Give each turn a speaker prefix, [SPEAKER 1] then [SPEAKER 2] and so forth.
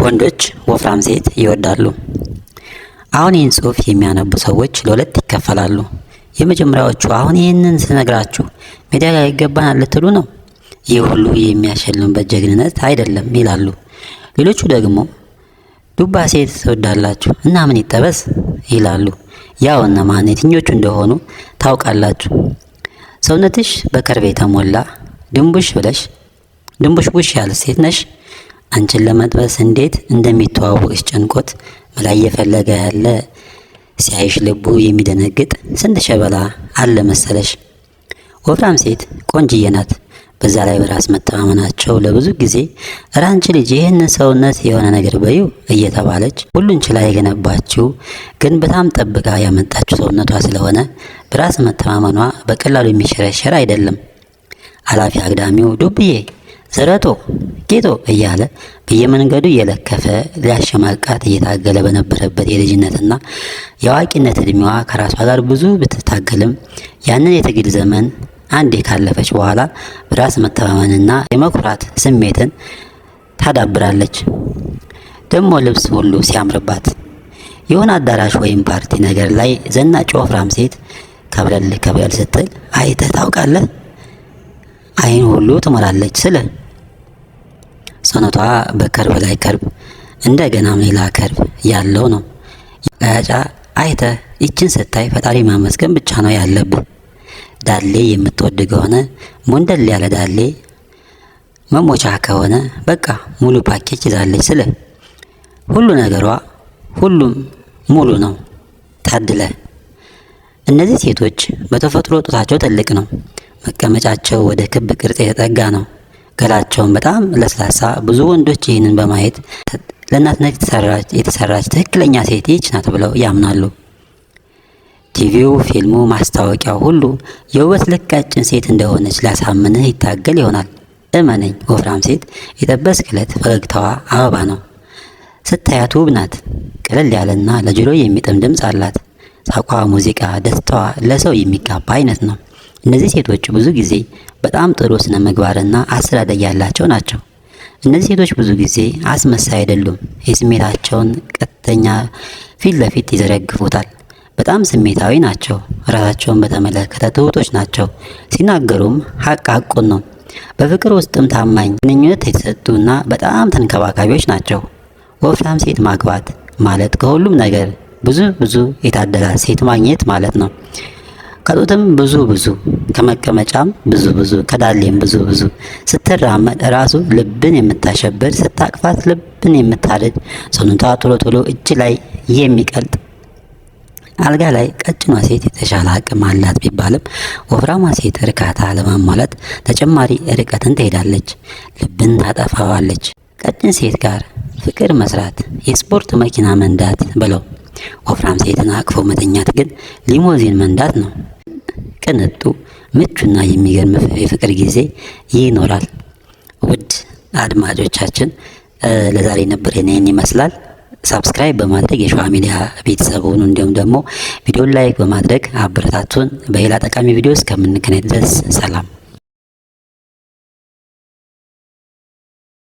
[SPEAKER 1] ወንዶች ወፍራም ሴት ይወዳሉ። አሁን ይህን ጽሁፍ የሚያነቡ ሰዎች ለሁለት ይከፈላሉ። የመጀመሪያዎቹ አሁን ይህንን ስነግራችሁ ሜዳሊያ ይገባናል ልትሉ ነው፣ ይህ ሁሉ የሚያሸልምበት ጀግንነት አይደለም ይላሉ። ሌሎቹ ደግሞ ዱባ ሴት ትወዳላችሁ እና ምን ይጠበስ ይላሉ። ያው እነማን የትኞቹ እንደሆኑ ታውቃላችሁ። ሰውነትሽ በከርቤ የተሞላ ድንቡሽ ብለሽ ድንቡሽ ቡሽ ያለ ሴት ነሽ አንቺን ለመጥበስ እንዴት እንደሚተዋወቅሽ ጨንቆት መላ እየፈለገ ያለ ሲያይሽ ልቡ የሚደነግጥ ስንት ሸበላ አለ መሰለሽ። ወፍራም ሴት ቆንጅዬ ናት። በዛ ላይ በራስ መተማመናቸው ለብዙ ጊዜ ራንች ልጅ ይህን ሰውነት የሆነ ነገር በዩ እየተባለች ሁሉን ችላ የገነባችው ግን በጣም ጠብቃ ያመጣችው ሰውነቷ ስለሆነ በራስ መተማመኗ በቀላሉ የሚሸረሸር አይደለም። አላፊ አግዳሚው ዱብዬ ስረቶ ጌቶ እያለ በየመንገዱ እየለከፈ ሊያሸማቃት እየታገለ በነበረበት የልጅነትና የአዋቂነት እድሜዋ ከራሷ ጋር ብዙ ብትታገልም ያንን የትግል ዘመን አንዴ ካለፈች በኋላ በራስ መተማመንና የመኩራት ስሜትን ታዳብራለች። ደግሞ ልብስ ሁሉ ሲያምርባት የሆነ አዳራሽ ወይም ፓርቲ ነገር ላይ ዘናጭ ወፍራም ሴት ከብለል ከብለል ስትል አይተህ ታውቃለህ? አይን ሁሉ ትሞላለች ስለ ሰነቷ በከርብ ላይ ከርብ እንደገናም ሌላ ከርብ ያለው ነው። ያጫ አይተ ይችን ስታይ ፈጣሪ ማመስገን ብቻ ነው ያለብ። ዳሌ የምትወድ ከሆነ ሞንደል ያለ ዳሌ መሞቻ ከሆነ በቃ ሙሉ ፓኬጅ ይዛለች። ስለ ሁሉ ነገሯ ሁሉም ሙሉ ነው። ታድለ እነዚህ ሴቶች በተፈጥሮ ጡታቸው ትልቅ ነው። መቀመጫቸው ወደ ክብ ቅርጽ የተጠጋ ነው። ገላቸውን በጣም ለስላሳ። ብዙ ወንዶች ይህንን በማየት ለእናትነት የተሰራች ትክክለኛ ሴት ይች ናት ብለው ያምናሉ። ቲቪው፣ ፊልሙ፣ ማስታወቂያው ሁሉ የውበት ልክ ሴት እንደሆነች ሊያሳምንህ ይታገል ይሆናል። እመነኝ፣ ወፍራም ሴት የጠበስ ክለት ፈገግታዋ አበባ ነው። ስታያት ውብ ናት። ቀለል ያለና ለጆሮ የሚጥም ድምፅ አላት። ሳቋ፣ ሙዚቃ፣ ደስታዋ ለሰው የሚጋባ አይነት ነው። እነዚህ ሴቶች ብዙ ጊዜ በጣም ጥሩ ስነ ምግባርና አስተዳደግ ያላቸው ናቸው። እነዚህ ሴቶች ብዙ ጊዜ አስመሳይ አይደሉም። የስሜታቸውን ቀጥተኛ ፊት ለፊት ይዘረግፉታል። በጣም ስሜታዊ ናቸው። ራሳቸውን በተመለከተ ትሁቶች ናቸው። ሲናገሩም ሀቅ ሀቁን ነው። በፍቅር ውስጥም ታማኝ፣ ግንኙነት የተሰጡና በጣም ተንከባካቢዎች ናቸው። ወፍራም ሴት ማግባት ማለት ከሁሉም ነገር ብዙ ብዙ የታደላት ሴት ማግኘት ማለት ነው። ከጡትም ብዙ ብዙ ከመቀመጫም ብዙ ብዙ ከዳሌም ብዙ ብዙ ስትራመድ ራሱ ልብን የምታሸብር ስታቅፋት ልብን የምታደድ ጽኑታ ቶሎ ቶሎ እጅ ላይ የሚቀልጥ አልጋ ላይ ቀጭኗ ሴት የተሻለ አቅም አላት ቢባልም ወፍራሟ ሴት እርካታ ለማሟላት ተጨማሪ ርቀትን ትሄዳለች፣ ልብን ታጠፋዋለች። ቀጭን ሴት ጋር ፍቅር መስራት የስፖርት መኪና መንዳት ብለው ወፍራም ሴትን አቅፎ መተኛት ግን ሊሞዚን መንዳት ነው። ቅንጡ ምቹና የሚገርም የፍቅር ጊዜ ይኖራል። ውድ አድማጮቻችን ለዛሬ ነበር ይህን ይመስላል። ሳብስክራይብ በማድረግ የሸዋ ሚዲያ ቤተሰብ ሁኑ። እንዲሁም ደግሞ ቪዲዮን ላይክ በማድረግ አበረታቱን። በሌላ ጠቃሚ ቪዲዮ እስከምንገናኝ ድረስ ሰላም።